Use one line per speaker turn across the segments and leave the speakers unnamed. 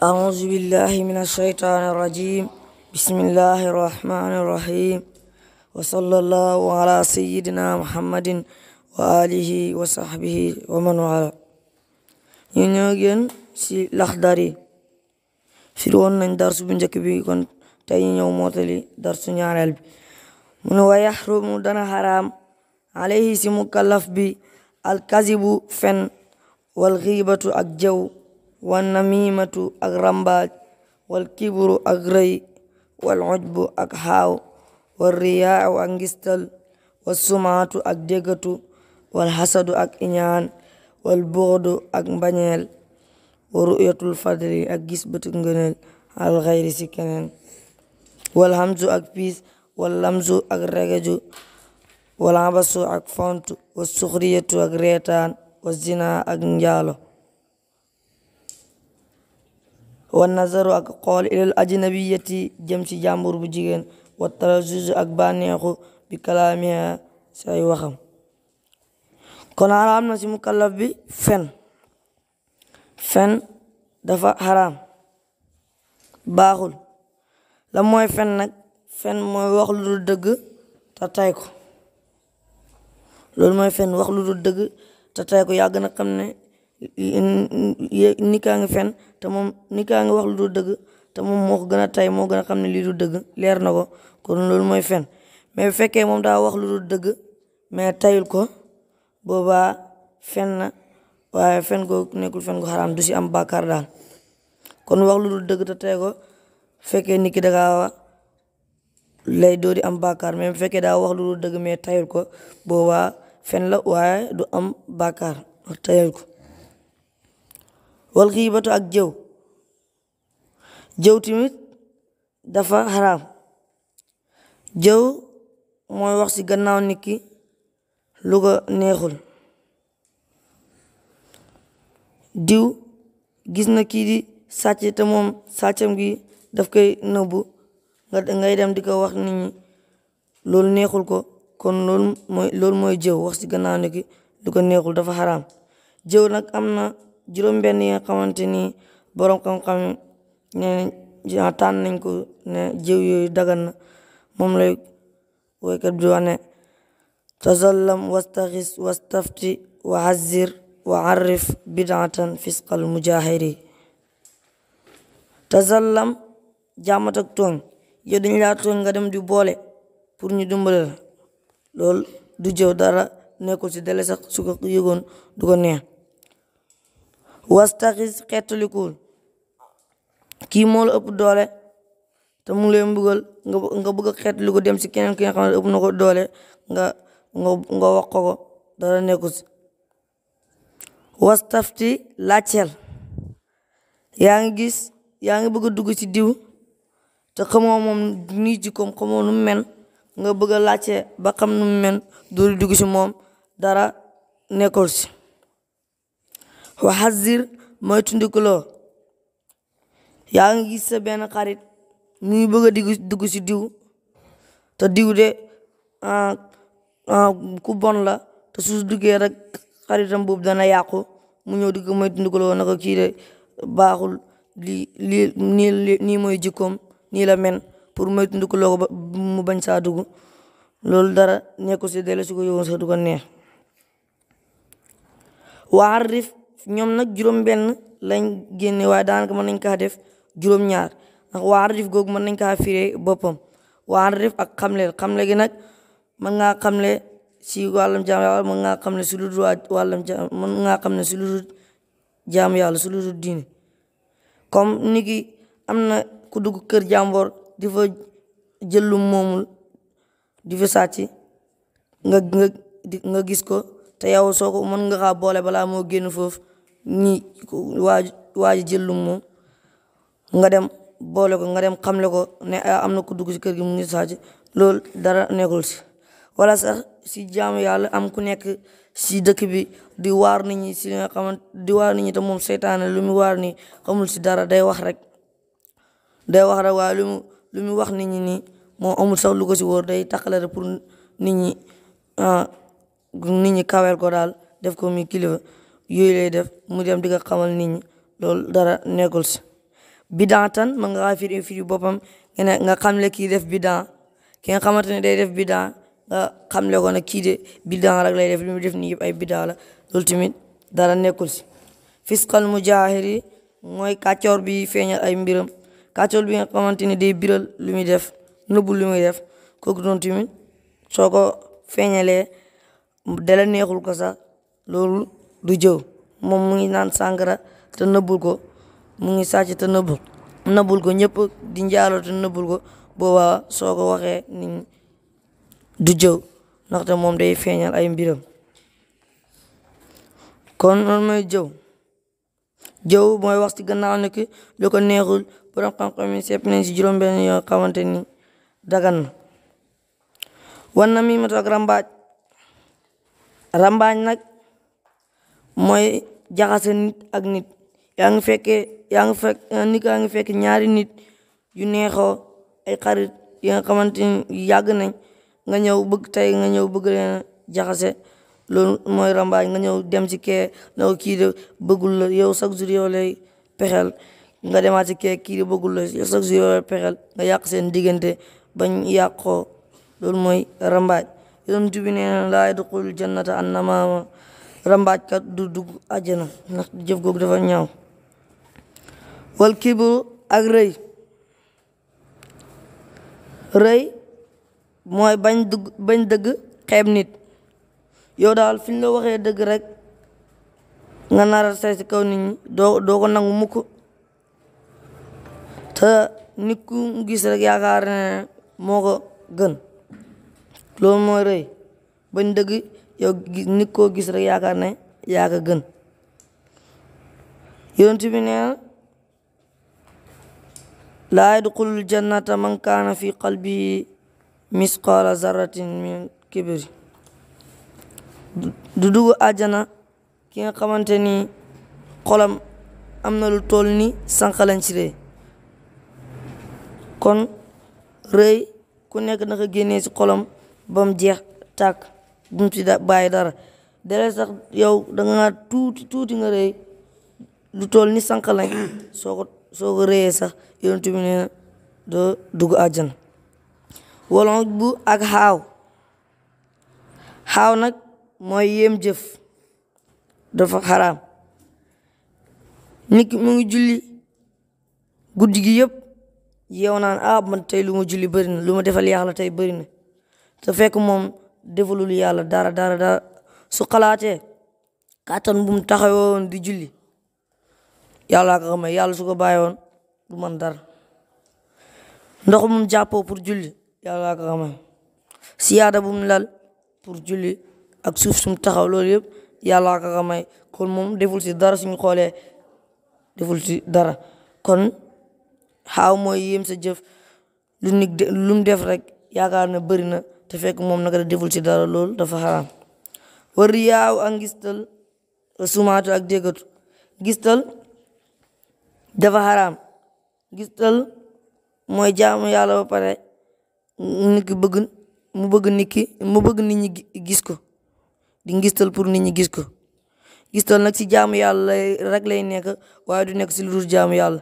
أعوذ بالله من الشيطان الرجيم بسم الله الرحمن الرحيم وصلى الله على سيدنا محمد وآله وصحبه ومن والاه ñu ñëw gën ci Laxdari firi woon nañ darsu bu njëkk bi kon tey ñu ñëw mootali darsu ñaareel bi mu ne wa yaxrumu dana xaraam alayhi si mukallaf bi alkazibu fen wal xiibatu ak jëw wa namimatu ak rambaaj wal kibru ak rëy wal ujbu ak xaaw wal riyaa ak ngistal wal sumaatu ak déggatu wal xasadu ak iñaan wal buxdu ak mbañeel wa ru'yatul fadli ak gis bët ngëneel al xayri si keneen wal hamzu ak piis wal lamzu ak regeju wal abasu ak font wa suxriyatu ak reetaan wa zina ak njaalo wa nazaru ak xool ilal ajnabiyati jëm ci jàmbur bu jigéen wa talazuz ak bànneexu bi kalaamiha si ay waxam kon xaraam na ci mukallaf bi fen fen dafa xaraam baaxul la mooy fen nag fen mooy wax lu dul dëgg te ko loolu mooy fen wax lu dul dëgg te tay ko yàgg na xam ne nit kaa ngi fen te moom nit kaa ngi wax lu dul dëgg te moom moo ko gën a tay moo gën a xam ne lii du dëgg leer na ko kon loolu mooy fen mais bu fekkee moom daa wax lu dëgg mais tayul ko boobaa fen na waaye fen ko nekkul fen ko xaraam du si am bàkkaar daal kon wax lu dul dëgg te ko fekkee nit ki dagaawa doo di am bàkkaar mais bu fekkee daa wax lu dul dëgg mais tayul ko boobaa fen la waaye du am bàkkaar tayul ko wal xiibatu ak jëw jëw tamit dafa xaraam jëw mooy wax ci gannaaw nit ki lu ko neexul diw gis na kii di sàcc te moom sàccam gi daf koy nëbbu nga ngay dem di ko wax nit ñi loolu neexul ko kon loolu mooy loolu mooy jëw wax ci gannaaw nit ki lu ko neexul dafa xaraam jëw nag juróom benn yi nga xamante ni borom xam-xam ne tànn nañ ko ne jëw yooyu dagan na moom lay woykat bi wax ne tazallam wastaxis wastafti wa hazir wa arif bidaatan fisqal mujahiri tazallam jàmmat ak tooñ yow dañ laa nga dem di boole pour ñu dimbale la loolu du jëw dara nekkul si dele sax su ko yëgoon wastaxis xettalikul kii moo ëpp doole te mu ngi lay mbugal nga bëgg a xettaliku dem si keneen ki nga ëpp na ko doole nga nga wax ko dara nekku si wastafti laajteel yaa ngi gis yaa ngi bëgg a dugg ci diw te xamoo moom nii jikkoom xamoo nu men nga bëgg a laajte ba xam nu men dooru dugg ci moom dara nekkul si waxasir moytandikuloo yaa ngi gis sa benn xarit mu ngi bëgg a diggu dugg si diw te diw de ah, ah, ku bon la te su duggee rek xaritam boobu dana yàqu mu ñëw di ko moytandikuloo na ko kii de baaxul lii lii nii mooy jikkoom nii la men pour moytandikuloo ko mu bañ saa dugg loolu dara nekku si delloo si ko yow sa du ko neex waarif ñoom nag juróom-benn lañ génne waaye daanaka mën nañ kaa def juróom-ñaar ndax waa arif googu mën nañ kaa firee boppam waa arif ak xamle xamle gi nag mën ngaa xamle si wàllum jaam yàlla mën ngaa xamle si lu dul wàllum jaam mën ngaa xamle si lu dul yàlla si lu ni ki am na ku dugg kër jàmboor di fa jël lu moomul nga nga nga gis ko te yow soo mën nga xaa boole balaa moo génn foofu ñi waa waa ji jël moom nga dem boole ko nga dem xamle ko ne ah, am na ku dugg ci kër gi mu ngi sàcc loolu dara nekkul si wala sax si jaamu yàlla am ku nekk si dëkk bi di waar nit ñi si nga xamante di waar moom seytaane lu mu waar ni xamul si dara day wax rek day wax rek waaye lu mu lu mu wax nit ñi nii moo amul sax lu ko si wóor day taxale rek pour nit ñi ah, nit ñi kawel ko daal def ko muy kilifa yooyu lay def mu dem di ko xamal nit ñi dara nekkul si bidaatan man nga firi firi bopam nga xamle kii def bidaa ki nga xamante ne day def bidaa nga xamle ko nag kii de bidaa rek lay def li mu def nii yëpp ay bidaa la loolu tamit dara nekkul si fisqal mujahiri mooy kàccoor bi feeñal ay mbiram kàccoor bi nga xamante ne day biral lu muy def nëbbu lu muy def kooku noonu tamit soo ko feeñalee dala neexul ko sax du jëw moom mu ngi naan sàngara te nëbbul ko mu ngi sàcc te nëbbul nëbbul ko ñëpp di njaaloo te nëbbul ko boobaa soo ko waxee ni du jëw ndaxte moom day feeñal ay mbiram kon noonu mooy jëw jëw mooy wax ci gannaaw nekk neexul borom xam-xam yi sepp nañ ci juróom-benn yoo xamante ni dagan na wan na rambaaj rambaaj nag mooy jaxase nit ak nit yaa ngi fekkee yaa ngi fekk eh, nit yaa ngi fekk ñaari nit yu neexoo ay xarit yi nga xamante ni yàgg nañ nga ñëw bëgg tey nga ñëw bëgg leen jaxase loolu mooy rambaaj nga ñëw dem ci kee na ko kii de bëggul la yow chaque jour yow pexel nga demaat ci kee kii de bëggul la yow chaque nga yàq seen diggante bañ yàqoo loolu mooy rambaaj yonent bi nee na laa yadxulul jannata an rambaajkat du dugg àjjana ndax jëf googu dafa ñaaw wal kibru ak rëy rëy mooy bañ dëgg xeeb nit yow daal fi la waxee dëgg rek nga nara say si kaw nit doo doo ko nangu mukk te nit ku rek yaakaar ne moo ko gën loolu mooy rëy bañ dëgg yow koo gis rek yaakaar ne yaa gën yoon bi nee na laa yadxulul jannata fi qalbi misqaala zarratin min kibri du dugg àjjana ki nga xamante ni xolam am na lu toll ni sànqalañ ci rëy kon rëy ku nekk naka génnee ci xolam bam jeex tàkk bu mu ci bàyyi dara délai sax yow da nga tuuti tuuti nga rëy lu toll ni sànq lañ soo ko soo sax yonent bi nee na doo dugg àjjana wala bu ak xaaw xaaw nag mooy yéem jëf dafa xaraam nit ki mu ngi julli guddi gi yëpp yow naan ah man tey lu ma julli bëri na defal yàlla tey bëri na fekk moom defalul yàlla dara dara dara su xalaatee kàttan bu mu taxawoon di julli yàlla ko xam ne yàlla su ko bàyyoon du man dara ndox mu jàppoo pour julli yàlla ko xam ne bu mu lal pour julli ak suuf su mu taxaw loolu yëpp yàlla ko xam ne moom deful si dara suñu xoolee deful si dara kon xaaw mooy sa jëf lu nit lu mu na bëri te fekk moom naka da deful ci dara loolu dafa xaraam war riyaaw ak ngistal sumaatu ak déggatu gistal dafa xaraam ngistal mooy jaamu yàlla bapare pare bëgg mu bëgg nit ki mu bëgg nit ñi gis ko di ngistal pour nit ñi gis ko ngistal nag ci jaamu yàlla lay nekk waaye du nekk ci lu dul jaamu yàlla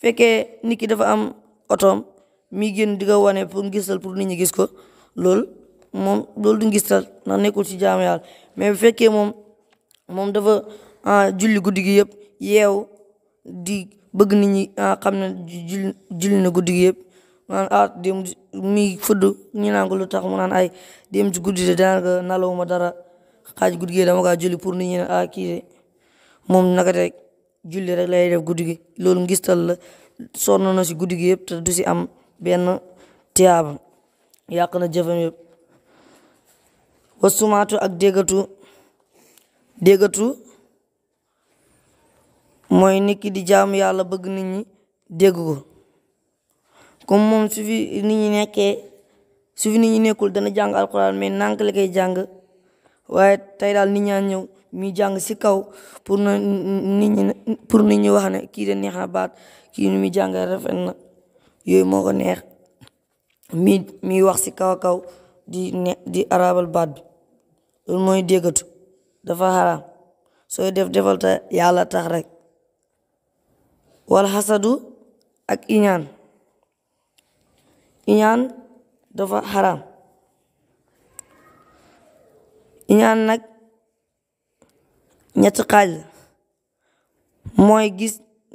fekkee nit ki dafa am otoom mi génn di ko wane pour ngistal pour nit ñi gis ko loolu moom loolu di ngistal ndax nekkul ci jaamu yàlla mais bu fekkee moom moom dafa ah, julli guddi gi yëpp yeew di bëgg nit ñi ah, xam ne julli na guddi gi yëpp naan ah, ñu naan lu tax mu naan ay dem ci guddi de daanaka nalawu ma dara xaaj guddi gi dama kaa pour nit ñi ne kii moom naka rek julli rek lay def guddi gi loolu ngistal la sonn na ci guddi gi yëpp du ci am benn tiyaaba yàq na jëfam yëpp wasumaatu ak déggatu déggatu mooy nit ki di jaamu yàlla bëgg nit ñi dégg ko comme moom su fi nit ñi nekkee su fi nit ñi nekkul dana jàng alquran mais nànk la koy jàng waaye tey daal nit ñëw mi jàng si kaw pour na nit ñi pour nit ñi wax ne kii de neex na baat kii na yooyu moo ko mi mi wax si kaw kaw di ne di arabal baat bi loolu mooy déggatu dafa xaraam sooy def defal ta yàlla tax rek wal xasadu ak iñaan iñaan dafa xaraam iñaan nag ñetti xaaj la mooy gis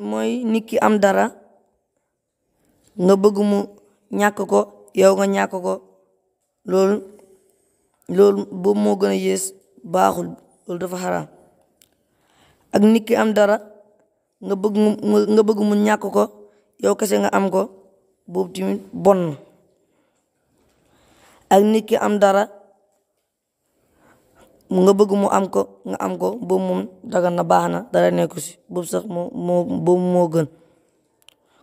mooy nit ki am dara nga bëgg mu ñàkk ko yow nga ñàkk ko loolu loolu boobu moo gën a yées baaxul loolu dafa xaraam ak nit ki am dara nga bëgg nga mu ñàkk ko yow kase nga am ko boobu tamit bon ak nit ki am dara nga bëgg mu am ko nga am ko boobu moom dagan na baax na dara nekku si boobu sax moo boobu moo gën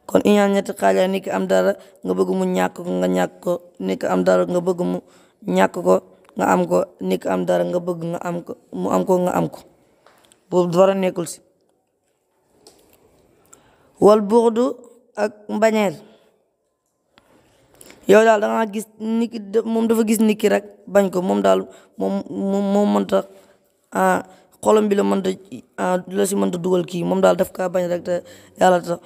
kon iñaan ñetti xaaja ni ki am dara nga bëgg mu ñàkk nga ñàkk ko ni am dara nga bëgg mu ñàkk ko nga am ko ni am dara nga bëgg nga am ko mu am ko nga am ko boobu dara nekkul si wal buxdu ak mbañeel yow daal da nga gis nit ki moom dafa gis nit rek bañ ko moom daal moom moom moo mënta ah, xolam bi la mënta ah, la si mënta dugal kii moom daal daf kaa bañ rek te yàlla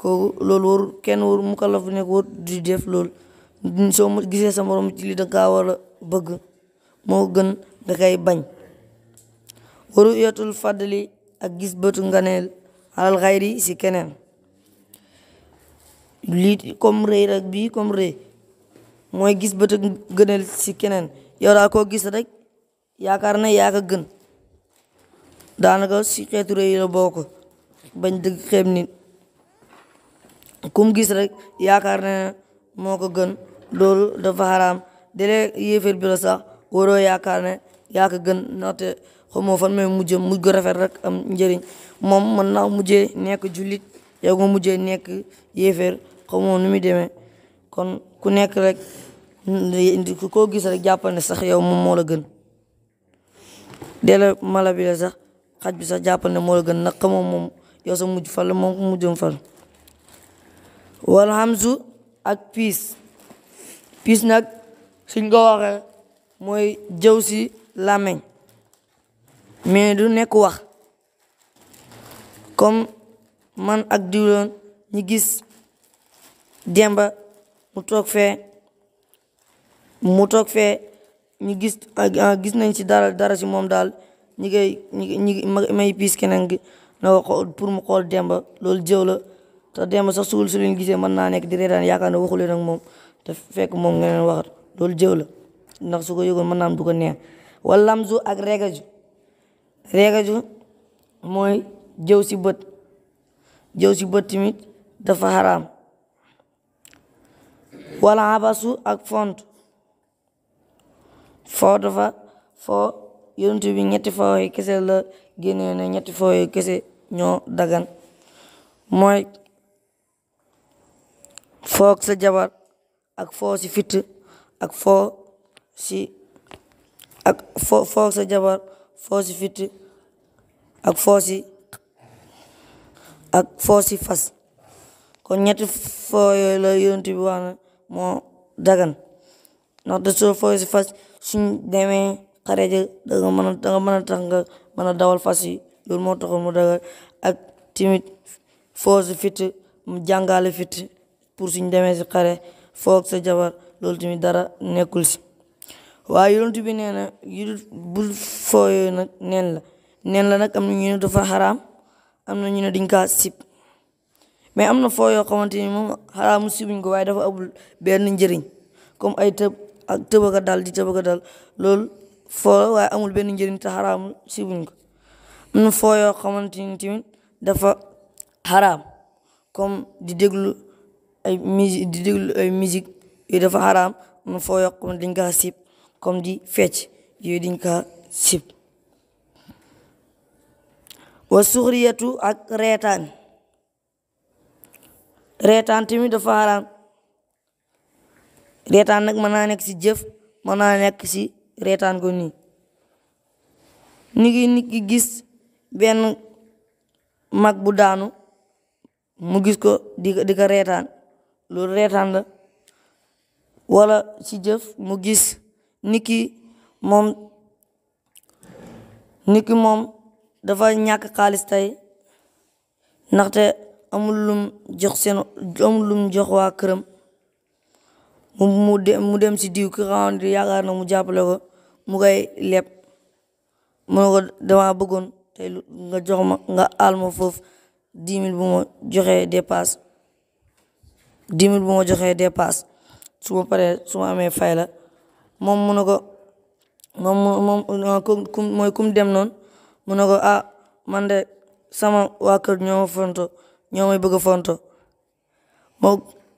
kooku loolu waru kenn waru mu kalaf nekk war di def loolu soo mu gisee sa morom ci li da kaa war moo gën da kay bañ waru yetul fàddali ak gis bëtu nganeel alal si keneen lii comme rëy rek bii comme rëy mooy gis bët gënal si keneen yora daa koo gis rek yaakaar na yaa ko si xeetu rëy la bokk bañ dëgg xeeb kum gis rek yaakaar ne moo ko gën loolu dafa xaraam delee yéeféer bi la sax waroo yaakaar ne yaa ko gën ndaxte xamoo fan may mujje mujj gu rafet rek am njëriñ moom mën naa mujjee nekk julit yow nga mujjee nekk yéeféer xamoo nu muy demee kon ku nekk rek koo gis rek jàppal ne sax yow moom moola gën dele mala bi sax xaj bi sax jàppal ne moo gën nag xamoo moom yow sa mujj fal moom ko mujjam fal wal hamzu ak piis piis nag suñ ko waxee mooy jëw si làmmiñ mais du nekk wax comme man ak diwloon ñi gis demba mu toog fee mu toog fee ñu gis ah, gis nañ ci dara dara si moom daal ñi koy ñi may piis keneen gi pour mu xool demba loolu jëw la te dem sa suul su gisee mën naa nekk di reetaan yaakaar ne waxu leen ak moom te fekk moom nga leen waxat loolu jëw la ndax su ko yëgoon mën naa am du ko neex wala lamzu ak reegaju reegaju mooy jëw si bët jëw si bët tamit dafa xaraam wala abasu ak font foo dafa foo yonent bi ñetti fa yi kese la génnee ñetti foo yi kese ñoo dagan mooy foog sa jabar ak foo si fitt ak foo si ak foo foog sa si ak foo ak foo fas kon ñetti foo yooyu la yonent bi wax na moo dagan ndax de soo foo si fas suñ demee xare ja danga mën mën a tax nga mën a dawal fas yi loolu moo taxoon mu dagan ak timit foo si fitt mu jàngale fitt pour suñ demee si xare foog sa jabar loolu tamit dara nekkul si waaye yonent bi nee na yu bul fooyoo nag neen la neen nag am na ñu ne dafa xaraam am na ñu ne dañ kaa sib mais am na foo yoo xamante ni moom xaraamu sibuñ waaye dafa abul benn njëriñ comme ay tëb ak tëbaka dal di tëbaka dal loolu foo waaye amul benn njëriñ te xaraamu sibuñ ko dafa ay musique di déglu ay musique yooyu dafa xaraam mu foo yokk dañ kaa sib comme di fecc yooyu dañ kaa sib wa suxriyatu ak reetaan reetaan tamit dafa xaraam reetaan nag mën naa nekk si jëf mën naa nekk si reetaan ko nii ni ngi nit gi gis benn mag bu daanu mu gis ko di di reetaan loolu reetaan la wala ci jëf mu gis niki moom niki moom dafa ñàkk xaalis tey ndaxte amul jox seen amul lum jox waa këram mu dem mu si diw ki xamoon di yaakaar na mu jàppale ko mu koy leb mu ne dama bëggoon tey nga jox ma nga alma foofu dix mille bu ma joxee dépasse dix mille bu ma joxee dépasse su ma paree su ma amee fay la moom mu ne ko moom moom mooy kum dem noonu mu ne ko ah man de sama waa kër ñoo ma fonto ñoo may bëgg a fonto ma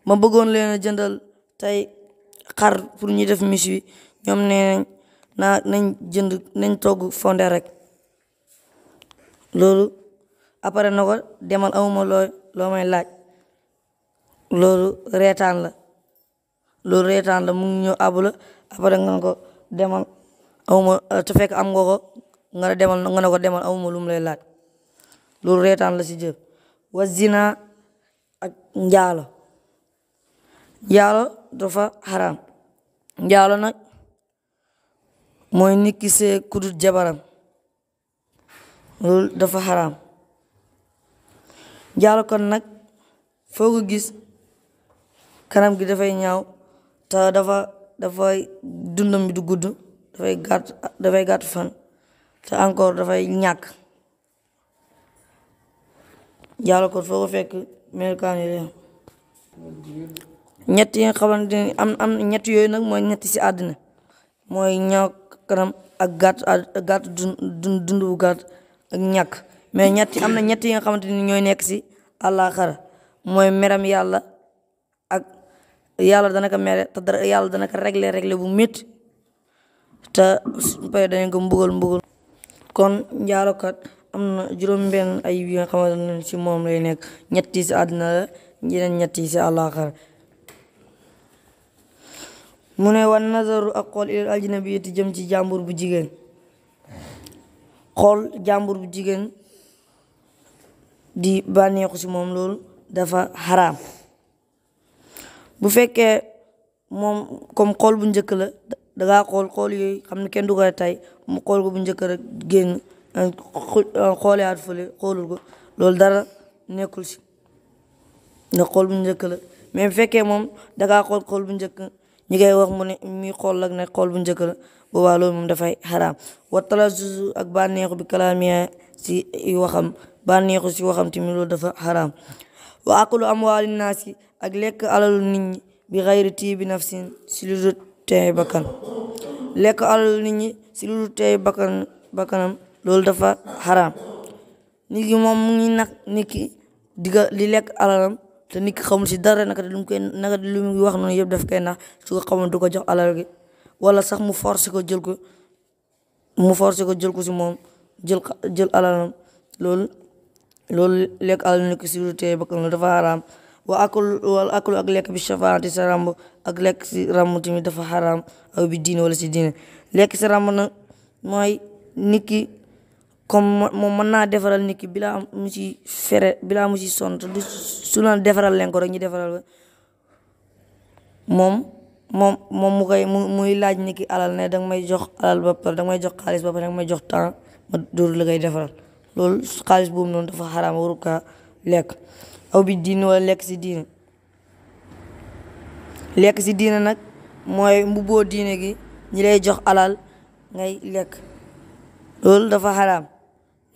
ma bëggoon leen a jëndal tey xar pour ñu def mis wi ñoom nee nañ naa nañ jënd nañ togg fonde rek loolu après na ko demal amuma loo loo may laaj loolu reetaan la loolu reetaan la mu ngi abul abu nga ko demal awma euh, te fekk am nga ko ne demal nga ne ko demal awma lu lay laaj loolu reetaan la si jëf wa zina ak njaalo njaalo dafa xaraam njaalo nag mooy nit ki see kudut jabaram loolu dafa xaraam njaalo kon nag foo ko gis kanam gi dafay ñaaw te dafa dafay dundam bi du gudd dafay gàtt dafay gàtt fan te encore dafay ñàkk jaalo ko foo ko fekk melokaan yi la ñett yooyu nag mooy ñetti si àddina mooy ñaaw kanam ak gàtt gàtt dund dund bu gàtt ak ñàkk mais ñetti am na ñett yi nga xamante ni ñooy nekk si àllaaxara mooy meram yàlla yàlla dana mere yàlla dana ko régler régler bu métti te suñ pare danañ ko mbugal mbugal. kon njaalokat am na juróom-benn ay yi nga xamante ne moom lay nekk ñetti ci àddina la yeneen ñetti ci àllaaxar mu ne wan nazaru ak xool ilal aljinabiyati jëm ci jàmbur bu jigéen xool jàmbur bu jigéen di bànneexu ci moom loolu dafa xaraam. bu fekkee moom comme xool bu njëkk la da ngaa xool xool yooyu xam ne kenn du ko tey mu xool ko bu njëkk rek génn euh, euh, xoolaat fële xoolul ko loolu dara nekkul si na xool bu njëkk la mais bu fekkee moom da ngaa xool xool bu njëkk ñi koy wax mu ne muy xool ak ne xool bu njëkk la boobaa loolu moom dafay xaraam wa talazzuz ak bànneexu bi kalaamiya si waxam bànneexu si waxam tamit loolu dafa xaraam wa aklu ak lekk alalu nit ñi bi xayri tiibi nafsin si lu dul tey bakkan lekk alalu nit ñi si lu dul tey bakkan bakkanam loolu dafa xaraam nit ki moom mu ngi nag nit ki diga di lekk alalam te nit ki xamul si dara naka lu mu wax noonu yëpp daf koy nax su ko xamul du ko jox alal gi wala sax mu forcé ko jël ko mu forcé ko jël ko si moom jël jël alalam loolu loolu lekk alalu nit ki si lu dul tey bakkan loolu dafa xaraam waa akul wal akul ak lekk bi shafaati sa ramb ak lekk si ramb tamit dafa xaraam aw bi diine wala si diine lekk si ramb na mooy nit ki comme moom mën naa defaral nit ki bilaa bilaa mu si su la defaral leen rek ñu defaral moom moom moom mu koy mu muy laaj nit ki alal ne danga may jox alal ba danga may jox xaalis ba pare danga may jox temps ma dóor la koy defaral loolu xaalis boobu noonu dafa xaraam waru kaa lekk aw bi diin wala lekk si diine lekk si diina nag mooy mbubboo diina gi ñi lay jox alal ngay lekk loolu dafa xaraam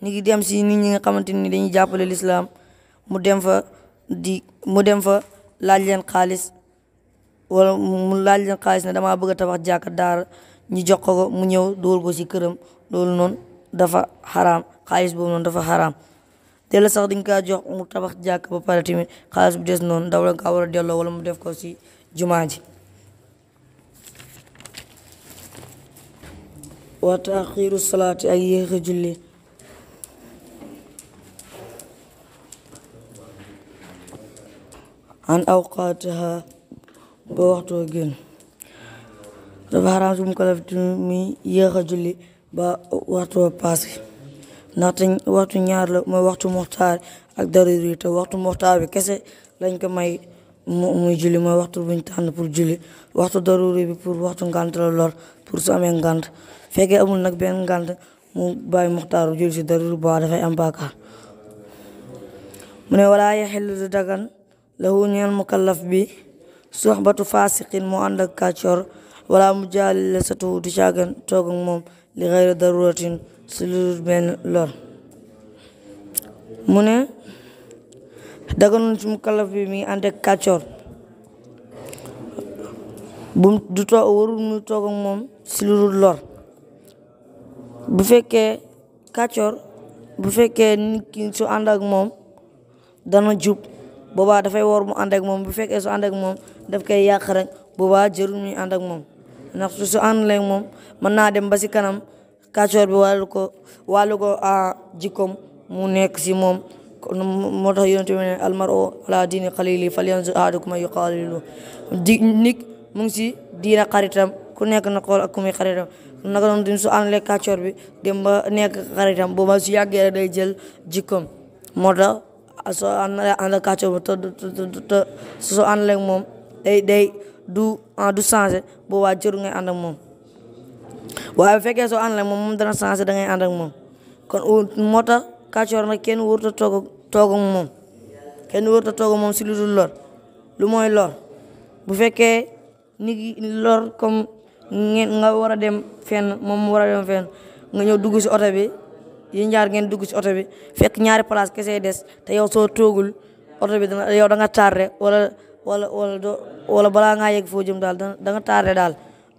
ni ngi dem si nit ñi nga xamante ni dañuy jàppale lislaam mu dem fa di mu dem fa laaj leen xaalis wala mu laaj leen xaalis ne damaa bëgg a tabax jàkka daara ñu jox ko mu ñëw dugal ko si këram loolu noonu dafa xaraam xaalis boobu noonu dafa xaraam delloo sax dañ kaa jox mu tabax jàkk ba pare tamit xaalis bu des noonu daw la kaa war a wala mu def ko ci jumaa ji wa taaxiiru salaati ak yéex a julli an awqaatiha ba waxtoo génn dafa xaraam ci mukallaf mi yéex a julli ba waxtoo passé ndaxte waxtu ñaar la mooy waxtu muxtaar ak daruri te waxtu muxtaar bi kese lañ ko may mu muy julli mooy waxtu buñ tànn pour julli waxtu daruri bi pour waxtu ngànt la lor pour su amee fekkee amul nag benn ngànt mu bay muxtaar julli si daruri boo dafay am bàkkaar mu ne walaa yaxillu du dagan lahu ñeel mukallaf bi soxbatu fasiqin mu ànd ak kàccoor wala mu jaali la sa tuhu du caagan moom li xayri daruratin si lu benn lor mu ne daganul ci mukallaf bi mi ànd ak bu du toog warul mu toog ak moom si lu lor bu fekkee kàccoor bu fekkee nit su ànd ak moom dana jub boobaa dafay war mu ànd ak moom bu fekkee su ànd ak moom daf koy yàq rek boobaa jërul muy ànd ak moom ndax su ànd ak moom mën naa dem ba si kanam kàccoor bi wàllu ko wàllu ko a mu nekk si moom moo tax yonent bi ne almaru ala diini xalili falyanzur ahadukum ay di nit mu ngi si diina xaritam ku nekk na xool ak ku muy xaritam naka noonu tamit su bi dem nekk xaritam booba su yàggee rek day jël jikkoom moo tax soo àndalee ànd ak kàccoor bi te te soo àndalee moom day day du du changé boobaa jëru ngay ànd moom waaw bu fekkee soo ànd ak moom moom dana changé da ngay ànd ak moom kon moo tax kàccoor nag kenn wërut a toog toog moom kenn wërut a moom si lu dul lor lu mooy lor bu fekkee ni lor comme ngeen nga war a dem fenn moom war a dem fenn ñëw dugg si oto bi yi ñaar ngeen dugg si oto bi fekk ñaari place kese des te yow soo toogul oto bi dana yow da nga tardé wala wala wala balaa ngaa yegg foo jëm daal da nga tardé daal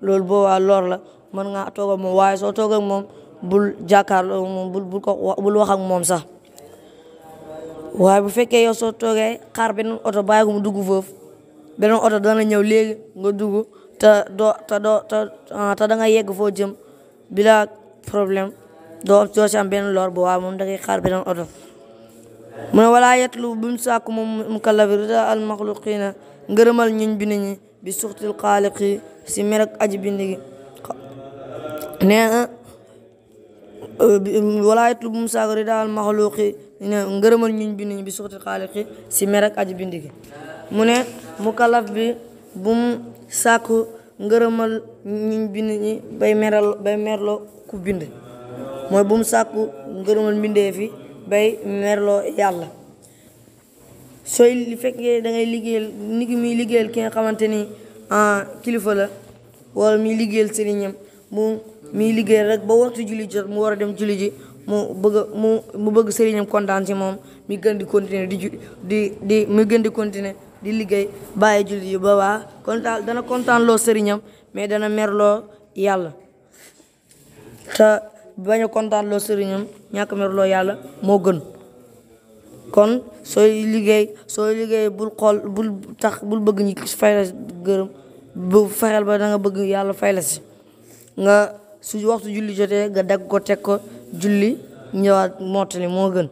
loolu boobaa lor la. mën nga toog ak moom waaye soo toog ak moom bul jàkkaarloo moom bul bul ak moom sax waaye bu fekkee yow soo toogee xaar beneen oto bàyyi ko mu dugg foofu beneen oto dana ñëw léegi nga dugg te doo te doo te ah, da nga yegg foo jëm bila problème doo doo si am benn lor bu waaw moom da ngay xaar beneen oto mu ne walaa yetlu bu mu sàkk moom mukallafi rida al maxluqina ngërëmal ñuñ bi nit ñi bi suxtil xaaliqi si merek aji bindi nee na ah, euh, walaayatul bu mu saaga ridaal maxluqi ne ngërëmal ñuñ bind ñi bi suxti xaaliqi si mer ak aji bind gi mu ne bi bu mu sàkku ngërëmal ñuñ bind ñi bay meral bay ku bind mooy bu mu sàkku ngërëmal mbindee fi bay merloo yàlla sooy fekkee da liggéeyal ni muy liggéeyal ki nga xamante ni ah, kilifa la wala muy liggéeyal sëriñam bu mi liggéey rek ba waxtu julli jot mu war a dem julli ji mu bëgg mu mu bëgg sëriñam kontaan ci moom mi gën di continuer di ju di di mi gën di continuer di liggéey bàyyi julli ji ba kontaan dana kontaan loo sëriñam mais dana merloo yàlla te bañ a kontaan loo sëriñam ñàkk merloo yàlla moo gën kon soo liggéey soo liggéey bul xool bul tax bul bëgg ñi fay la gërëm bu fexeel ba da bëgg yàlla fay la si nga su waxtu julli jotee ga dagg ko teg ko julli ñëwaat mottali moo gën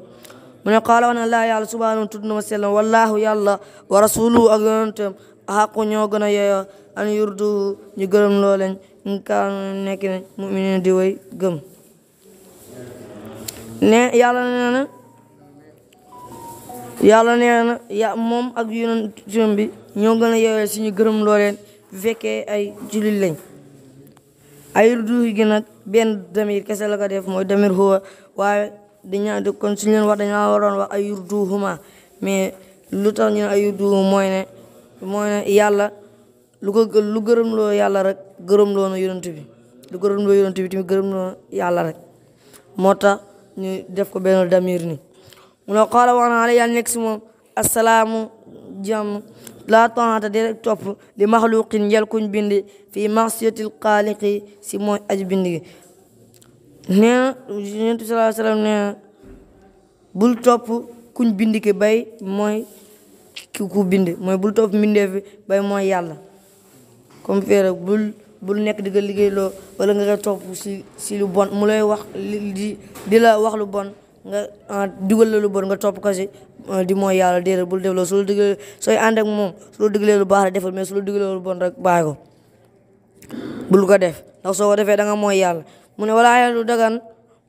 mu ne qaala wana laa yàlla subhaanahu tudd na ma wallaahu yàlla wa rasuluhu ak a xaqu ñoo gën a yeeyoo an yurdu ñu gërëm loo leen ñu kaa muminin di way gëm ne yàlla nee yàlla nee moom ak yonentam bi ñoo gën a yeeyoo si ñu gërëm loo leen fekkee ay julli lañ ay ruduux gi nag benn damir kese la ko def mooy damir huwa waaye dañu kon suñu leen wax dañu waroon wax ay ruduuhuma mais lu tax ñu ay ruduuhu mooy ne mooy ne yàlla lu ko lu gërëm loo yàlla rek gërëm loo na yonent bi lu gërëm loo yonent bi tamit gërëm loo yàlla rek moo tax ñu def ko benn damir ni mu ne wax na ala yàlla nekk moom asalaamu jàmm laa taa'ata dee topp li maxluqin njël kuñ bind fii masiyatil xaaliqi si mooy aji bind gi nee Yonent bi sallallahu alayhi wa sallam nee bul topp kuñ bind ki bay mooy ki ku bind mooy bul topp mbindeef bi bay mooy yàlla comme feere bul bul nekk di ko liggéeyloo wala nga koy topp si si lu bon mu lay wax di la wax lu bon nga ah, dugal la bon nga topp Euh, di mooy yàlla déedéet bul def loolu su la sooy ànd ak moom su la digalee lu baax la defal mais su la digalee lu bon rek bàyyi ko bul ko def ndax soo ko defee da mooy yàlla mu ne walaa yàlla du dagan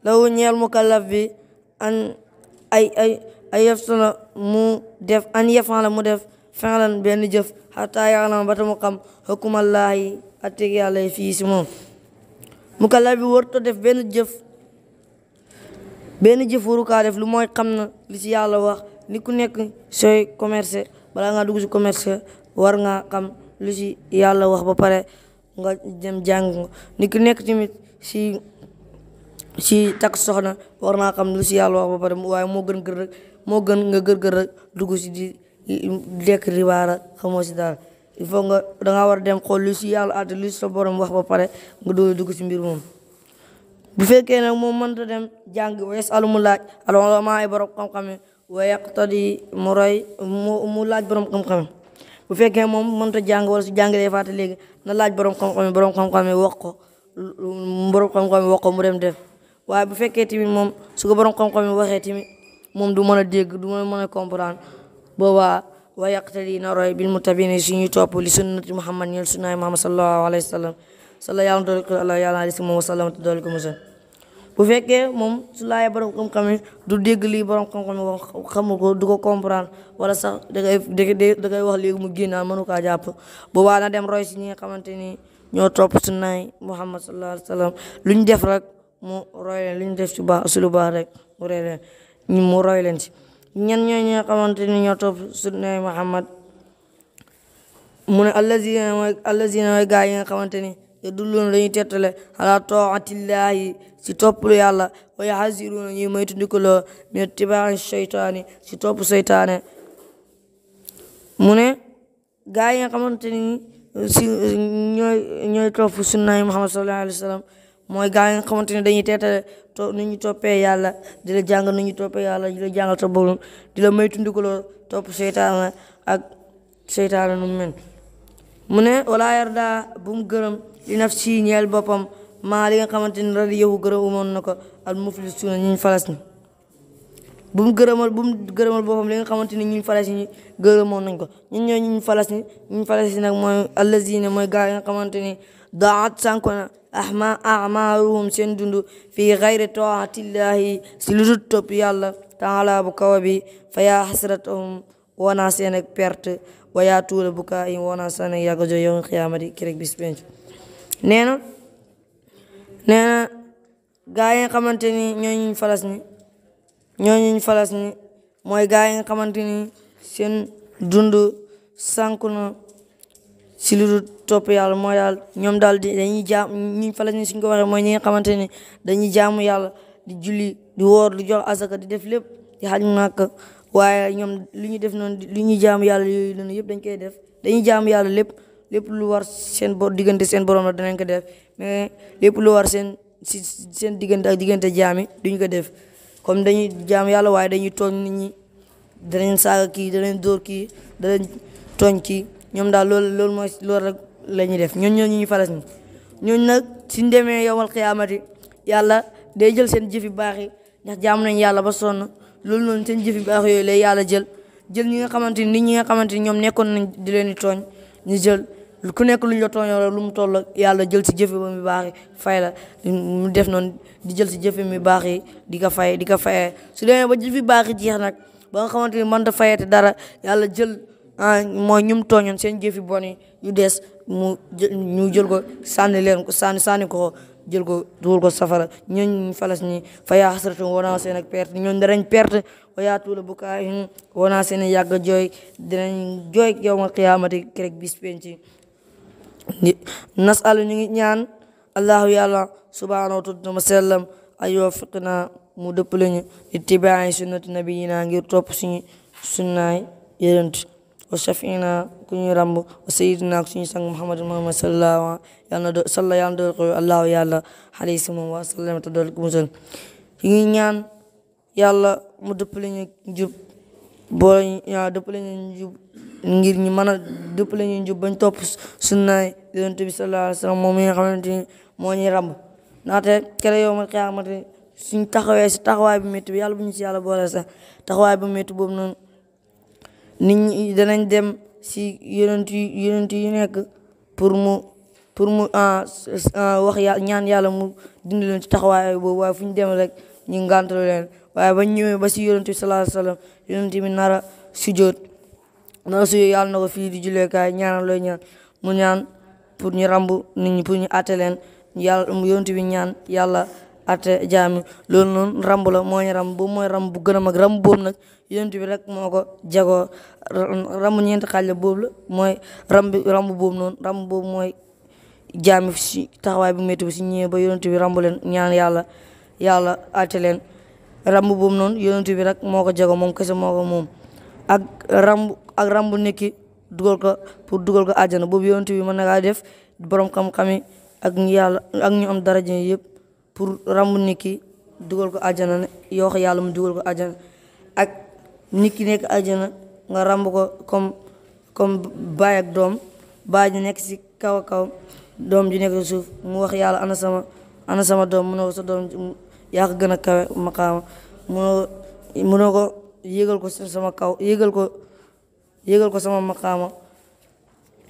lawu ñeel mukallaf bi an ay mu def an yefan mu def fenlan benn jëf xataa yaalama ba ta mu xam xukumallaahi attig yàlla fii si moom mukallaf bi warta def benn jëf benn jëf waru def lu mooy xam na li ci yàlla wax ni ku nekk sooy commerce balaa nga dugg si commerce war nga xam lu si yàlla wax ba pare nga dem jàng ni ku nekk tamit si si takk soxna war naa xam lu si yàlla wax ba pare waaye moo gën gër rek moo gën nga gër-gër rek dugg si di dekk ribaara xamoo si daal il faut nga dangaa war a dem xool lu si yàlla àtte lu si sa borom wax ba pare nga doolu dugg si mbir moom bu fekkee nag moom mënta dem jàng wees alu mu laaj al ulama ay borom xam wa di mu roy mu laaj borom xam-xam bu fekkee moom mënta jàng wala su jàngalee faate léegi na laaj borom xam-xam borom xam-xam wax ko borom xam-xam wax ko mu dem def waaye bu fekkee tamit moom su ko borom xam-xam waxee tamit moom du mën a dégg du mën a comprendre boobaa wa yaqtadi na roy bil mutabini suñuy topp li sunnati muhammad ñel sunnaay muhammad sallallahu alayhi wa sallam salla yàlla dolli ko allah yàlla alisi moom wa sallam te dolli ko bu fekkee moom su laajee borom xam-xam yi du dégg lii borom xam-xam yi xamu ko du ko comprendre wala sax da koy da koy wax léegi mu génnaan mënu kaa jàpp boobaa na dem roy si ñi nga xamante ni ñoo topp sunnaay Muhammad sallallahu alayhi wa sallam lu ñu def rek mu roy leen lu ñu def si baax si lu baax rek mu roy leen mu roy leen si ñan ñoo ñi nga xamante ni ñoo topp sunnaay Muhammad mu ne allazina mooy allazina mooy gaa yi nga xamante ni yadulluuna dañuy tettale ala taatillaahi si topplu yàlla wa yahziruuna ñuy moytandikuloo min ittibaa sheytaani si topp seytaane mu ne gaa yi nga xamante ni si ñooy ñooy topp sunna yi Muhammad sallallahu alayhi wa sallam mooy gaa yi nga xamante ni dañuy teetale to nu ñu toppee yàlla di la jàngal nu ñu toppee yàlla di la jàngal ta borom di la moytandikuloo ak seytaane nu mu ne walaa yarda bu mu gërëm li naf si ñeel boppam maa li nga xamante ne radi yowu gërëm na ko al muflisuuna ñuñ falas ñi bu mu gërëmal bu gërëmal boppam li nga xamante ni ñuñ falas ñi gërëmoon nañ ko ñun ñoo ñuñ falas ñi ñuñ falas ñi nag mooy allazina yi nga xamante ni daat sànko na ahma amaaruhum seen dund fii xayri taatillahi si lu dul topp yàlla taala bu kawa bi fa yaa xasratahum wanaa seen perte wayaa tuula bukaa in wonaa sana yàgg jo yow xiyaamati ki rek bis penc nee na nee na gaa yi nga xamante ni ñooñuñ falas ni ñooñuñ falas ni mooy gaa yi nga xamante ni seen dund sànku na si lu dul topp yàlla mooy daal ñoom daal di dañuy jaam ñuñ nga xamante ni dañuy jaamu di julli di wóor di di def di xaj Makka waaye ñoom lu ñu def noonu lu ñuy jaamu yàlla yooyu noonu yëpp dañ koy def dañuy jaamu yàlla lépp lépp lu war seen bor diggante seen borom la danañ ko def mais lépp lu war seen si seen diggante ak diggante jaami duñ ko def comme dañuy jaamu yàlla waaye dañuy tooñ nit ñi danañ saaga kii danañ dóor kii danañ tooñ kii ñoom daal loolu loolu mooy loolu rek la ñuy def ñooñ ñoo ñu ñu falas ñi ñooñ nag suñ demee yowal xiyaamati yàlla day jël seen jëfi baax yi ndax jaamu nañ yàlla ba sonn loolu noonu seen jëfi baax yooyu la yàlla jël jël ñi nga xamante ni nit ñi nga xamante ni ñoom nekkoon nañ di leen di tooñ ñu jël ku nekk lu ñu la tooñoo la lu mu toll yàlla jël si jëfe ba mu baax fay la mu def noonu di jël si jëfe mi baax yi di ko fay di ko fayee su demee ba jëfi baax yi jeex nag ba nga xamante ni mënta fayete dara yàlla jël ah mooy ñum tooñoon seen jëfi bon yi yu des mu ñu jël ko sànni leen ko sànni sànni ko jël ko dugal ko safara ñooñ falas ñi fa yaa xasratu woonaa seen ak perte ñooñ darañ perte wa tuula bu kaayum woonaa seen yàgg jooy dinañ jooy yowmal qiyaamati kerek bis penci nasalu ñu ngi ñaan allahu yàlla subhaanahu wa taala wa sallam ay wafiqna mu dëppale ñu ittibaay sunnati nabiyina ngir topp suñu sunnaay yërënt wa ku ñuy ramb sayyidina ku suñu sang muhammad muhammad sallallahu yàlla na do salla yàlla na dool ko allahu yàlla alayhi si moom wa sallam te dool ko musal ñu ngi ñaan yàlla mu dëppale ñu jub boo ñaa dëppale ñu jub ngir ñu mën a dëppale ñu jub bañ topp sunnaay yonent bi sallallahu alayhi wa sallam moom mi nga xamante ni moo ñuy ramb naate kere yowmal qiyaamati suñ taxawee si taxawaay bu métti bi yàlla bu ñu si yàlla boole sax taxawaay bu métti boobu noonu nit ñi danañ dem si yonent yi yonent yu nekk pour mu pour mu ah, ah, wax ya ñaan yàlla mu dindi leen ci taxawaay boobu waaye fu ñu dem rek ñu ngàntalu leen waaye bañ ñëwee ba si yonent bi sallallahu alayhi wasallam yonent bi nara sujjóot nara sujjóot yàlla na ko fii di julleekaay ñaanal looy ñaan mu ñaan pour ñu rambu nit ñi pour ñu àtte leen yàlla yonent bi ñaan yàlla atte jaami lool noonu rambula mooy ramb boobu mooy ramb bu gën a mag ramb nag yonent bi rek moo ko jagoo ramb ñeenti xaaj la mooy ramb ramb boobu noonu ramb boobu mooy jaami si taxawaay bu métti bi si ñëwee ba yonent bi ramb leen ñaan yàlla yàlla atte leen ramb boobu noonu yonent bi rek moo ko jagoo moom kese moo ko moom ak ramb ak nekki dugal ko pour dugal ko àjjana boobu yonent bi mën na kaa def borom xam-xami ak ñu yàlla ak ñu am daraja yëpp pour ramb nit ki dugal ko àjjana yoo xam yàlla mu dugal ko àjjana ak nit ki nekk àjjana nga ramb ko comme comme baay ak doom baay ji nekk si kaw a kaw doom ji nekk si suuf mu wax yàlla ana sama ana sama doom mu ne ko sa doom yaa ko gën a kawe maqaama mu ne ko yégal ko sama kaw yéegal ko yégal ko sama maqaama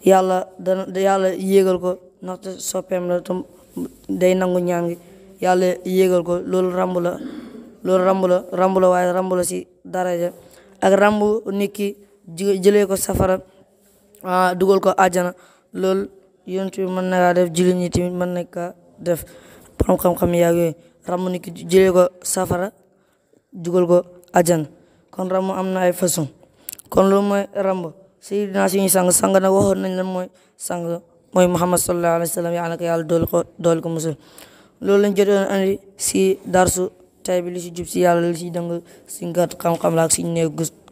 yàlla dana yàlla yéegal ko ndaxte soppeem la tam day nangu ñaan yàlla yéegal ko loolu ramb la loolu ramb la ramb la waaye la si daraja ak ramb nit ki jëlee ko safara dugal ko àjjana loolu yonent bi mën na kaa def jullit ñi tamit mën na kaa def borom xam-xam yaa yooyu ramb nit ki jëlee ko safara dugal ko àjjana kon ramb am na ay façon kon loolu mooy ramb sayyidina suñu sang sang na waxoon nañ lan mooy sang mooy Muhammad sallallahu alayhi wa sallam yàlla na ko yàlla dool dool ko musul loolu lañ jotoon andi si darsu tay bi li si jub si yàlla li si dëng suñ gàtt xam-xam si ak suñ nee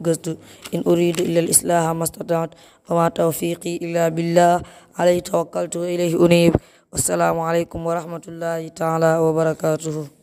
gëstu in uridu illa al islaha mastataat fama tawfiqi illa billah alayhi tawakkaltu wa ilayhi unib wassalaamu aleykum wa rahmatullahi taala wa barakatuhu